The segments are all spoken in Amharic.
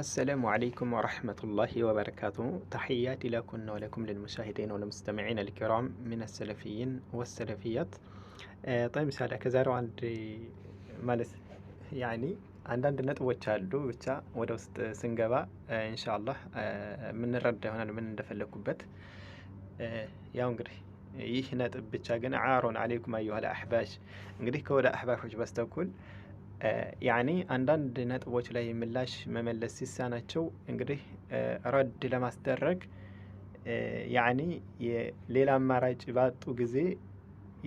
አሰላሙ አለይኩም ወረሕመቱላሂ ወበረካቱ ተሕያት ለኩና ወለኩም ልልሙሻሂዲን ወለሙስተሚዒን አልኪራም ምን አሰለፊይን ወሰለፊያት ጠይም ሳዳ ከዛሬው አንድ ማለት ያኒ አንዳንድ ነጥቦች አሉ ብቻ ወደ ውስጥ ስንገባ ኢንሻአላህ የምንረዳ ይሆናል ምን እንደፈለግኩበት ያው እንግዲህ ይህ ነጥብ ብቻ ግን ዓሮን አሌይኩም አዩሃል አሕባሽ እንግዲህ ከወደ አሕባሾች በስተኩል ያኔ አንዳንድ ነጥቦች ላይ ምላሽ መመለስ ሲሳናቸው እንግዲህ ረድ ለማስደረግ ያኔ ሌላ አማራጭ ባጡ ጊዜ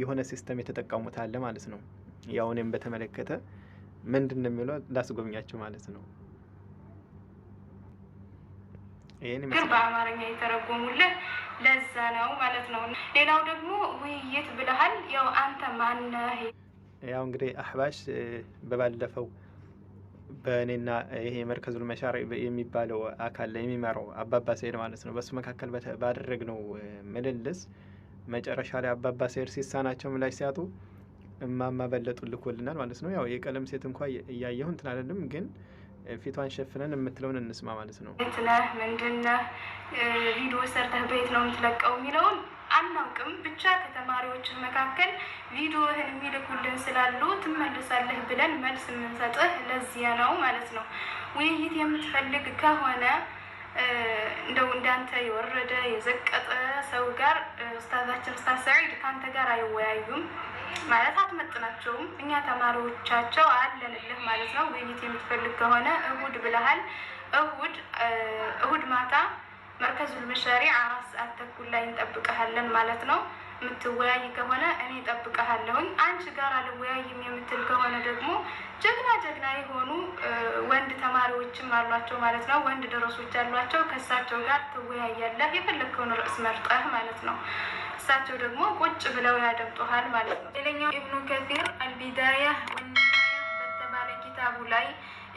የሆነ ሲስተም የተጠቀሙታለ ማለት ነው። ያው በተመለከተ ምንድን ነው የሚለው ላስጎብኛቸው ማለት ነው። ይህን በአማርኛ የተረጎሙልህ ለዛ ነው ማለት ነው። ሌላው ደግሞ ውይይት ብለሃል። ያው አንተ ማነህ ያው እንግዲህ አህባሽ በባለፈው በእኔና ይሄ መርከዙል መሻሪ የሚባለው አካል ላይ የሚመራው አባባ ሰይድ ማለት ነው። በሱ መካከል ባደረግነው ምልልስ መጨረሻ ላይ አባባ ሰይድ ሲሳናቸው ምላሽ ሲያጡ እማማ በለጡ ልኮልናል ማለት ነው። ያው የቀለም ሴት እንኳ እያየሁ እንትን አይደለም ግን ፊቷን ሸፍነን የምትለውን እንስማ ማለት ነው። ቤት ቪዲዮ ሰርተህ ቤት ነው የምትለቀው የሚለውን አናውቅም ብቻ ከተማሪዎች መካከል ቪዲዮህን የሚልኩልን ስላሉ ትመልሳለህ ብለን መልስ የምንሰጥህ ለዚያ ነው ማለት ነው። ውይይት የምትፈልግ ከሆነ እንደው እንዳንተ የወረደ የዘቀጠ ሰው ጋር ኡስታዛችን ኡስታዝ ሰዒድ ከአንተ ጋር አይወያዩም ማለት አትመጥናቸውም። እኛ ተማሪዎቻቸው አለንልህ ማለት ነው። ውይይት የምትፈልግ ከሆነ እሁድ ብለሃል። እሁድ እሁድ ማታ መርከዙል መሻሪዕ አራት ሰዓት ተኩል ላይ እንጠብቀሃለን ማለት ነው። የምትወያይ ከሆነ እኔ እጠብቀሃለሁኝ። አንቺ ጋር አልወያይም የምትል ከሆነ ደግሞ ጀግና ጀግና የሆኑ ወንድ ተማሪዎችም አሏቸው ማለት ነው። ወንድ ደረሶች አሏቸው። ከእሳቸው ጋር ትወያያለህ የፈለግከውን ርዕስ መርጠህ ማለት ነው። እሳቸው ደግሞ ቁጭ ብለው ያደምጡሃል ማለት ነው። ሌላኛው ኢብኑ ከሲር አልቢዳያ ወንያ በተባለ ኪታቡ ላይ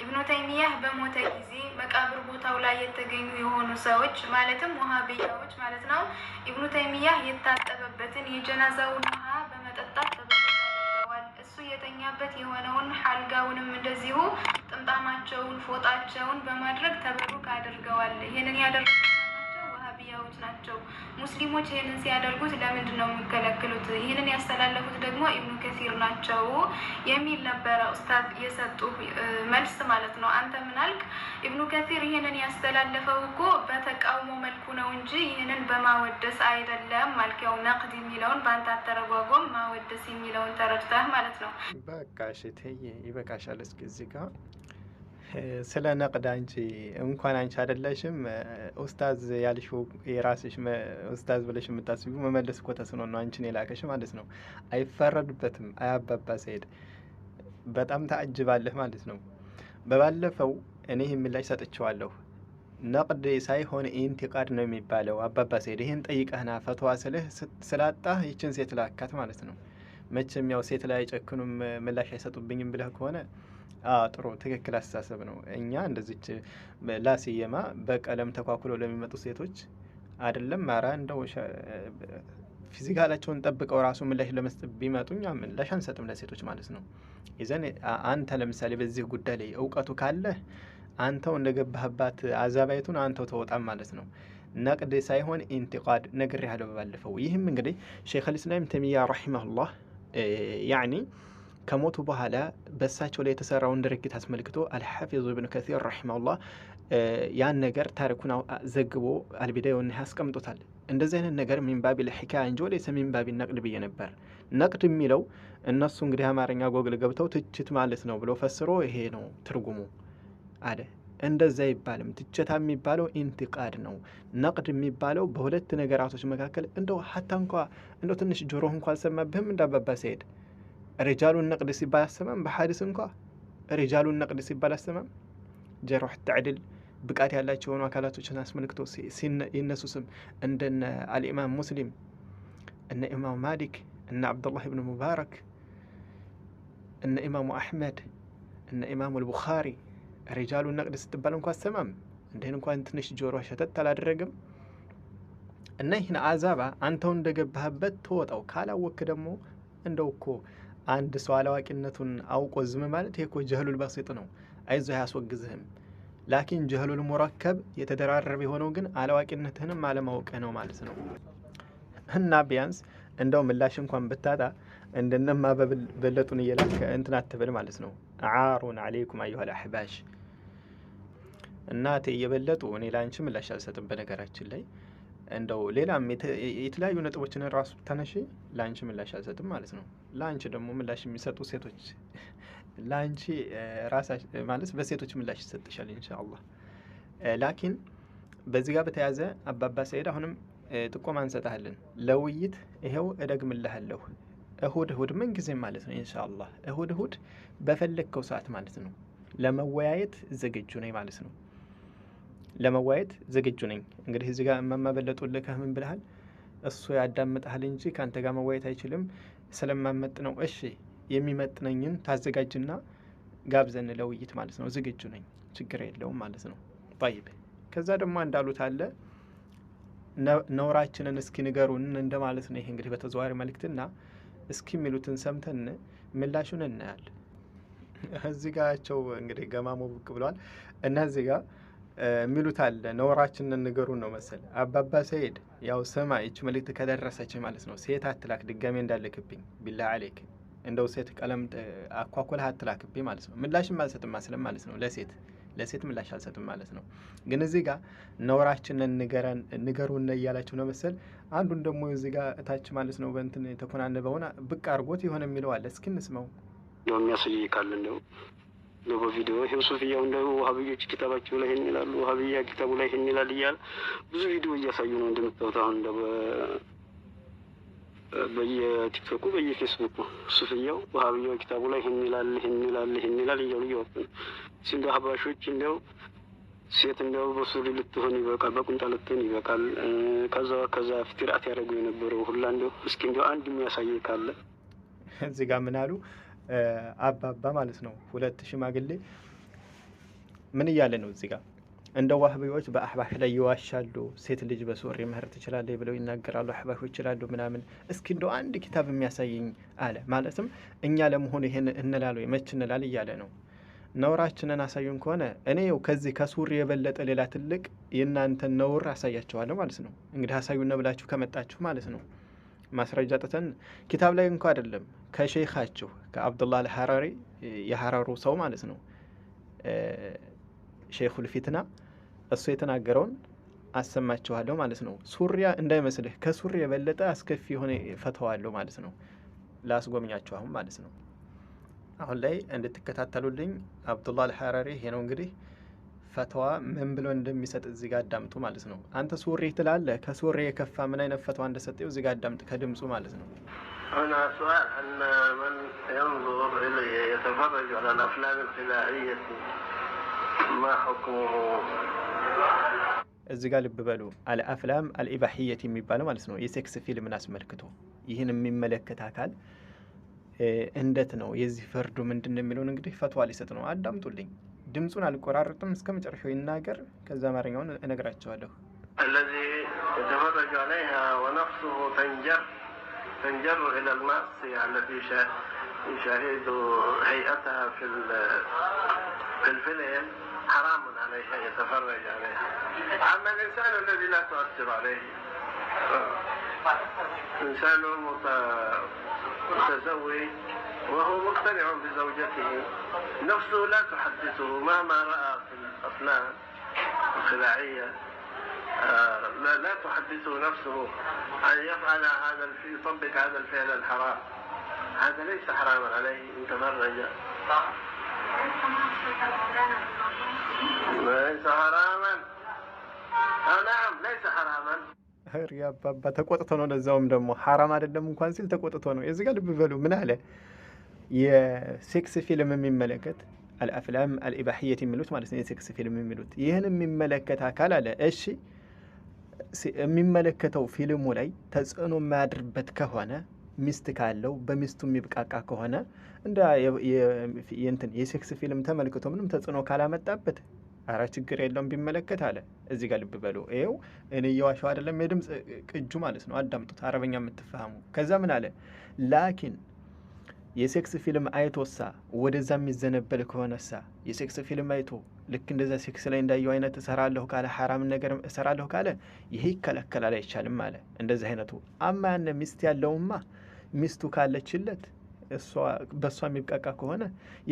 ኢብኑ ተይሚያህ በሞተ ጊዜ መቃብር ቦታው ላይ የተገኙ የሆኑ ሰዎች ማለትም ውሃብያዎች ማለት ነው። ኢብኑ ተይሚያህ የታጠበበትን የጀናዛውን ውሃ በመጠጣት ተበዋል። እሱ የተኛበት የሆነውን ሀልጋውንም እንደዚሁ ጥምጣማቸውን፣ ፎጣቸውን በማድረግ ተበሩክ አድርገዋል። ይህንን ያደርጉ ነገሮች ናቸው። ሙስሊሞች ይህንን ሲያደርጉት ለምንድን ነው የሚከለክሉት? ይህንን ያስተላለፉት ደግሞ ኢብኑ ከሲር ናቸው የሚል ነበረ ኡስታዝ የሰጡ መልስ ማለት ነው። አንተ ምን አልክ? ኢብኑ ከሲር ይህንን ያስተላለፈው እኮ በተቃውሞ መልኩ ነው እንጂ ይህንን በማወደስ አይደለም አልክ። ያው ነቅድ የሚለውን በአንተ አተረጓጎም ማወደስ የሚለውን ተረድተህ ማለት ነው። በቃ ሽቴ ይበቃሻል። እስኪ እዚህ ጋር ስለ ነቅድ አንቺ እንኳን አንቺ አይደለሽም ኡስታዝ ያልሽው የራስሽ ኡስታዝ ብለሽ የምታስቢ መመለስ እኮ ተስኖ ነው አንቺን የላከሽ ማለት ነው። አይፈረድበትም። አያባባ ሰይድ በጣም ታጅባለህ ማለት ነው። በባለፈው እኔ ይህን ምላሽ ሰጥቸዋለሁ። ነቅድ ሳይሆን ኢንቲቃድ ነው የሚባለው። አባባ ሰሄድ ይህን ጠይቀህና ፈትዋ ስልህ ስላጣህ ይችን ሴት ላካት ማለት ነው። መቼም ያው ሴት ላይ አይጨክኑም ምላሽ አይሰጡብኝም ብለህ ከሆነ ጥሩ ትክክል አስተሳሰብ ነው። እኛ እንደዚች ላስየማ በቀለም ተኳኩሎ ለሚመጡ ሴቶች አይደለም ማራ እንደው ፊዚካላቸውን ጠብቀው ራሱ ምላሽ ለመስጥ ቢመጡ እኛ ምላሽ አንሰጥም ለሴቶች ማለት ነው። ይዘን አንተ ለምሳሌ በዚህ ጉዳይ ላይ እውቀቱ ካለ አንተው እንደገባህባት አዛባይቱን አንተው ተወጣም ማለት ነው። ነቅድ ሳይሆን ኢንቲቃድ ነግሬያለሁ ባለፈው። ይህም እንግዲህ ሼክ ልስላም ተሚያ ረሒማሁላህ ያኒ ከሞቱ በኋላ በእሳቸው ላይ የተሰራውን ድርጊት አስመልክቶ አልሐፊዙ ብኑ ከሲር ረሂመሁላህ ያን ነገር ታሪኩን ዘግቦ አልቢዳይ ወን እንደዚህ አይነት ነገር ሚንባቢ ለሕካያ እንጂ ወደ ሚንባቢ ነቅድ ብዬ ነበር። ነቅድ የሚለው እነሱ እንግዲህ አማርኛ ጎግል ገብተው ትችት ማለት ነው ብሎ ፈስሮ ይሄ ነው ትርጉሙ አለ። እንደዚ አይባልም። ትችታ የሚባለው ኢንትቃድ ነው። ነቅድ የሚባለው በሁለት ነገራቶች መካከል እንደው ሀታ እንኳ እንደው ትንሽ ጆሮህ እንኳ አልሰማብህም እንዳባባ ሲሄድ ሪጃሉን ነቅድ ሲባል አሰማም። በሀዲስ እንኳ ሪጃሉን ነቅድ ሲባል አሰማም። ጀሮሕ ተዕድል ብቃት ያላቸው የሆኑ አካላቶችን አስመልክቶ ይነሱ ስም እንደነ አልኢማም ሙስሊም እነ ኢማሙ ማሊክ እነ አብዱላህ ብን ሙባረክ እነ ኢማሙ አሕመድ እነ ኢማሙ ልቡኻሪ ሪጃሉን ነቅድ ስትባል እንኳ አሰማም። እንዲህን እንኳን ትንሽ ጆሮ ሸተት አላደረግም። እና ይህን አዛባ አንተው እንደገባህበት ተወጣው ካላወክ ደግሞ እንደው እኮ አንድ ሰው አላዋቂነቱን አውቆ ዝም ማለት ይሄ እኮ ጀህሉል በሲጥ ነው። አይዞ አያስወግዝህም። ላኪን ጀህሉል ሙረከብ የተደራረበ የሆነው ግን አላዋቂነትህንም አለማወቅህ ነው ማለት ነው። እና ቢያንስ እንደው ምላሽ እንኳን ብታጣ እንደነማ በበለጡን እየላከ እንትን አትበል ማለት ነው። አሩን አሌይኩም አዩሃል አሕባሽ እናቴ እየበለጡ እኔ ለአንቺ ምላሽ አልሰጥም። በነገራችን ላይ እንደው ሌላም የተለያዩ ነጥቦችን ራሱ ተነሽ ለአንቺ ምላሽ አልሰጥም ማለት ነው። ለአንቺ ደግሞ ምላሽ የሚሰጡ ሴቶች ለአንቺ ማለት በሴቶች ምላሽ ይሰጥሻል ኢንሻአላህ። ላኪን በዚህ ጋር በተያዘ አባባ ሰይድ አሁንም ጥቆማ እንሰጥሃለን ለውይይት ይሄው እደግምልሃለሁ። እሁድ እሁድ ምን ጊዜም ማለት ነው ኢንሻአላህ እሁድ እሁድ በፈለግከው ሰዓት ማለት ነው ለመወያየት ዝግጁ ነኝ ማለት ነው። ለመወያየት ዝግጁ ነኝ። እንግዲህ እዚህ ጋር እማማ በለጡልህ ከምን ብልሃል እሱ ያዳምጥሃል እንጂ ከአንተ ጋር መወያየት አይችልም። ስለማመጥ ነው። እሺ የሚመጥነኝን ታዘጋጅና ጋብዘን ለውይይት ማለት ነው። ዝግጁ ነኝ፣ ችግር የለውም ማለት ነው። ባይብ ከዛ ደግሞ እንዳሉት አለ ነውራችንን እስኪ ንገሩን እንደማለት ነው። ይሄ እንግዲህ በተዘዋዋሪ መልእክትና እስኪ የሚሉትን ሰምተን ምላሹን እናያል። እዚህ ጋቸው እንግዲህ ገማሞ ብቅ ብሏል እና እዚህ ጋር የሚሉት አለ። ነውራችንን ንገሩን ነው መሰል አባባ ሰይድ ያው ስማ፣ ይች መልእክት ከደረሰች ማለት ነው ሴት አትላክ ድጋሜ እንዳልክብኝ ቢላ አሌክ እንደው ሴት ቀለም አኳኩልህ አትላክብኝ ማለት ነው። ምላሽም አልሰጥም ማስለም ማለት ነው ለሴት ለሴት ምላሽ አልሰጥም ማለት ነው። ግን እዚህ ጋር ነውራችንን ንገሩን እያላችሁ ነው መሰል። አንዱን ደግሞ እዚህ ጋር እታች ማለት ነው በእንትን የተኮናነበውና ብቅ አርጎት የሆነ የሚለው አለ። እስኪ እንስማው የሚያስይ ካለ እንደው ነው በቪዲዮ ይሄው ሱፊያው እንደ ውሀብዮች ኪታባቸው ላይ ይህን ይላሉ፣ ውሀብያ ኪታቡ ላይ ይህን ይላል እያለ ብዙ ቪዲዮ እያሳዩ ነው እንደምታዩት። አሁን እንደ በየቲክቶኩ በየፌስቡኩ ሱፍያው ውሀብያው ኪታቡ ላይ ይህን ይላል፣ ይህን ይላል፣ ይህን ይላል እያሉ እያወጡ ነው። ሲንደ ሀባሾች እንዲያው ሴት እንዲያው በሱሪ ልትሆን ይበቃል፣ በቁንጣ ልትሆን ይበቃል። ከዛ ከዛ ፊትርአት ያደረጉ የነበረው ሁላ እንደው እስኪ እንደው አንድ የሚያሳየ ካለ እዚህ ጋር ምን አሉ አባባ ማለት ነው። ሁለት ሽማግሌ ምን እያለ ነው እዚህ ጋር? እንደ ዋህቢዎች በአህባሽ ላይ ይዋሻሉ። ሴት ልጅ በሱሪ መህር ትችላለች ብለው ይናገራሉ። አህባሾች ይችላሉ ምናምን። እስኪ እንደው አንድ ኪታብ የሚያሳየኝ አለ። ማለትም እኛ ለመሆኑ ይሄን እንላል ወይ መች እንላል እያለ ነው። ነውራችንን አሳዩን ከሆነ እኔ ው ከዚህ ከሱሪ የበለጠ ሌላ ትልቅ የእናንተን ነውር አሳያቸዋለሁ ማለት ነው። እንግዲህ አሳዩን ብላችሁ ከመጣችሁ ማለት ነው። ማስረጃ ጥተን ኪታብ ላይ እንኳ አይደለም ከሼካችሁ ከአብዱላ አልሐራሪ የሐራሩ ሰው ማለት ነው ሼኹል ፊትና እሱ የተናገረውን አሰማችኋለሁ ማለት ነው። ሱሪያ እንዳይመስልህ ከሱሪ የበለጠ አስከፊ የሆነ ፈተዋለሁ ማለት ነው። ላስጎብኛችሁ አሁን ማለት ነው። አሁን ላይ እንድትከታተሉልኝ አብዱላ አልሐራሪ ይሄ ነው እንግዲህ ፈተዋ ምን ብሎ እንደሚሰጥ እዚህ ጋር አዳምጡ ማለት ነው። አንተ ሱሪ ትላለህ፣ ከሱሪ የከፋ ምን አይነት ፈተዋ እንደሰጠው እዚህ ጋር አዳምጥ ከድምፁ ማለት ነው። هنا سؤال أن من ينظر إلي يتفرج على الأفلام الخلاعية ما حكمه؟ እዚ ጋር ልብ በሉ። አልአፍላም አልኢባሕየት የሚባለው ማለት ነው የሴክስ ፊልምን አስመልክቶ ይህን የሚመለከት አካል እንደት ነው የዚህ ፈርዱ ምንድን ነው የሚለውን እንግዲህ ፈትዋ ሊሰጥ ነው። አዳምጡልኝ። ድምፁን አልቆራርጥም እስከ መጨረሻው ይናገር። ከዛ አማርኛውን እነግራቸዋለሁ። الذي يتفرج عليها ونفسه تنجر تنجر إلى المعصية يعني التي يشاهد هيئتها في في الفيلم حرام عليه أن يتفرج عليها أما الإنسان الذي لا تؤثر عليه آه، إنسان متزوج وهو مقتنع بزوجته نفسه لا تحدثه مهما رأى في الأفلام الخلاعية ما لا تحدثه نفسه أن يفعل هذا يطبق هذا الفعل الحرام هذا ليس حراما عليه إن تفرج ليس حراما أو نعم ليس حراما ሪያባባ ተቆጥቶ ነው። ለዛውም ደግሞ ሐራም አይደለም እንኳን ሲል ተቆጥቶ ነው። የዚህ ጋር ልብ በሉ ምን አለ የሴክስ ፊልም የሚመለከት አልአፍላም አልኢባሕየት የሚሉት ማለት ነው። የሴክስ ፊልም የሚሉት ይህን የሚመለከት አካል አለ እሺ የሚመለከተው ፊልሙ ላይ ተጽዕኖ የማያድርበት ከሆነ ሚስት ካለው በሚስቱ የሚብቃቃ ከሆነ እንደ እንትን የሴክስ ፊልም ተመልክቶ ምንም ተጽዕኖ ካላመጣበት አራ ችግር የለውም ቢመለከት አለ። እዚህ ጋር ልብ በሉ። ይኸው እኔ እየዋሸው አይደለም፣ የድምፅ ቅጁ ማለት ነው። አዳምጡት፣ አረበኛ የምትፈሃሙ። ከዛ ምን አለ ላኪን የሴክስ ፊልም አይቶሳ ወደዛ የሚዘነበል ከሆነሳ የሴክስ ፊልም አይቶ ልክ እንደዛ ሴክስ ላይ እንዳየው አይነት እሰራለሁ ካለ ሐራም ነገር እሰራለሁ ካለ ይሄ ይከለከላል፣ አይቻልም አለ። እንደዚህ አይነቱ አማ ያነ ሚስት ያለውማ ሚስቱ ካለችለት በእሷ የሚብቃቃ ከሆነ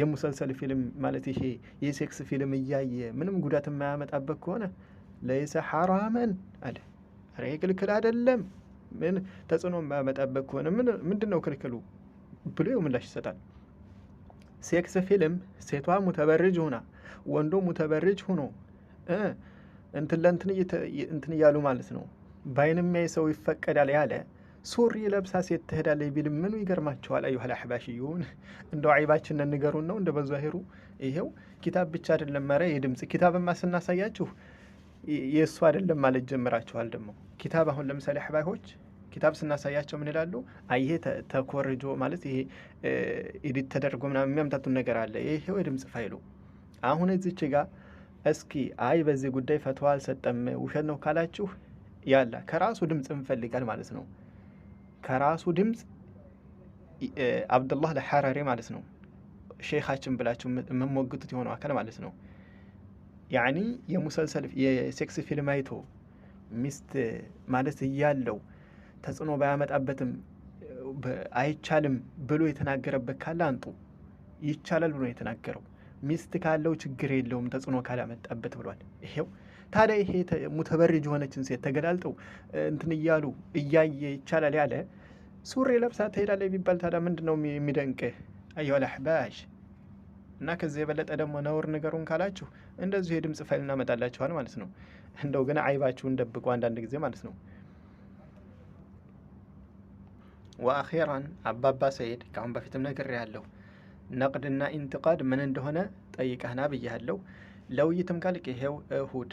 የሙሰልሰል ፊልም ማለት ይሄ የሴክስ ፊልም እያየ ምንም ጉዳት የማያመጣበት ከሆነ ለይሰ ሐራመን አለ። ኧረ ክልክል አይደለም። ምን ተጽዕኖ የማያመጣበት ከሆነ ምንድን ነው ክልክሉ? ብሎ ምላሽ ይሰጣል። ሴክስ ፊልም ሴቷ ሙተበርጅ ሆና ወንዶ ሙተበርጅ ሆኖ እንትን ለእንትን እንትን እያሉ ማለት ነው። በአይን የሚያይ ሰው ይፈቀዳል ያለ ሱሪ ለብሳ ሴት ትሄዳለች ቢል ምኑ ይገርማቸዋል? አዩ ላ እየሆን እንደው አይባችን ንገሩን ነው እንደ በዛሄሩ ይሄው ኪታብ ብቻ አይደለም መረ የድምፅ ኪታብማ ስናሳያችሁ የእሱ አይደለም ማለት ጀምራችኋል። ደግሞ ኪታብ አሁን ለምሳሌ አሕባሾች ኪታብ ስናሳያቸው ምን ይላሉ? አይሄ ተኮርጆ ማለት ይሄ ኤዲት ተደርጎ ምናምን የሚያምታቱን ነገር አለ። ይሄው የድምፅ ፋይሉ አሁን እዚች ጋር እስኪ አይ በዚህ ጉዳይ ፈትዋ አልሰጠም ውሸት ነው ካላችሁ ያለ ከራሱ ድምፅ እንፈልጋል ማለት ነው። ከራሱ ድምፅ አብዱላህ ለሐራሪ ማለት ነው። ሼኻችን ብላችሁ የምሞግቱት የሆነው አካል ማለት ነው። ያኒ የሙሰልሰል የሴክስ ፊልም አይቶ ሚስት ማለት እያለው ተጽዕኖ ባያመጣበትም አይቻልም ብሎ የተናገረበት ካለ አንጡ። ይቻላል ብሎ የተናገረው ሚስት ካለው ችግር የለውም ተጽዕኖ ካላመጣበት ብሏል። ይሄው ታዲያ ይሄ ሙተበርጅ የሆነችን ሴት ተገላልጠው እንትን እያሉ እያየ ይቻላል ያለ ሱሪ ለብሳ ትሄዳለች የሚባል ታዲያ ምንድን ነው የሚደንቅህ? አየዋል እና ከዚህ የበለጠ ደግሞ ነውር ነገሩን ካላችሁ እንደዚሁ የድምፅ ፋይል እናመጣላችኋል ማለት ነው። እንደው ግን አይባችሁን ደብቁ አንዳንድ ጊዜ ማለት ነው። ወአኼራን አባባ ሰይድ ከአሁን በፊትም ነግሬ ያለሁ ነቅድና ኢንትቃድ ምን እንደሆነ ጠይቀህና ብያለሁ። ለውይይትም ካልክ ይሄው እሁድ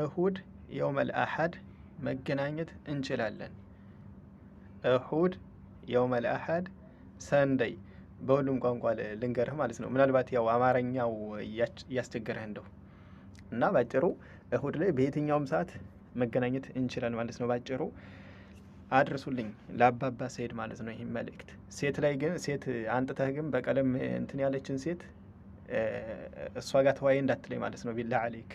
እሁድ የውመል አሐድ መገናኘት እንችላለን። እሁድ የውመል አሐድ ሰንደይ በሁሉም ቋንቋ ልንገርህ ማለት ነው። ምናልባት ያው አማርኛው እያስቸገረህ እንደው እና ባጭሩ እሁድ ላይ በየትኛውም ሰዓት መገናኘት እንችላለን ማለት ነው ባጭሩ። አድርሱልኝ ለአባባ ሰይድ ማለት ነው። ይህም መልእክት ሴት ላይ ግን ሴት አንጥተህ ግን በቀለም እንትን ያለችን ሴት እሷ ጋር ተዋይ እንዳትለኝ ማለት ነው። ቢላ አሌክ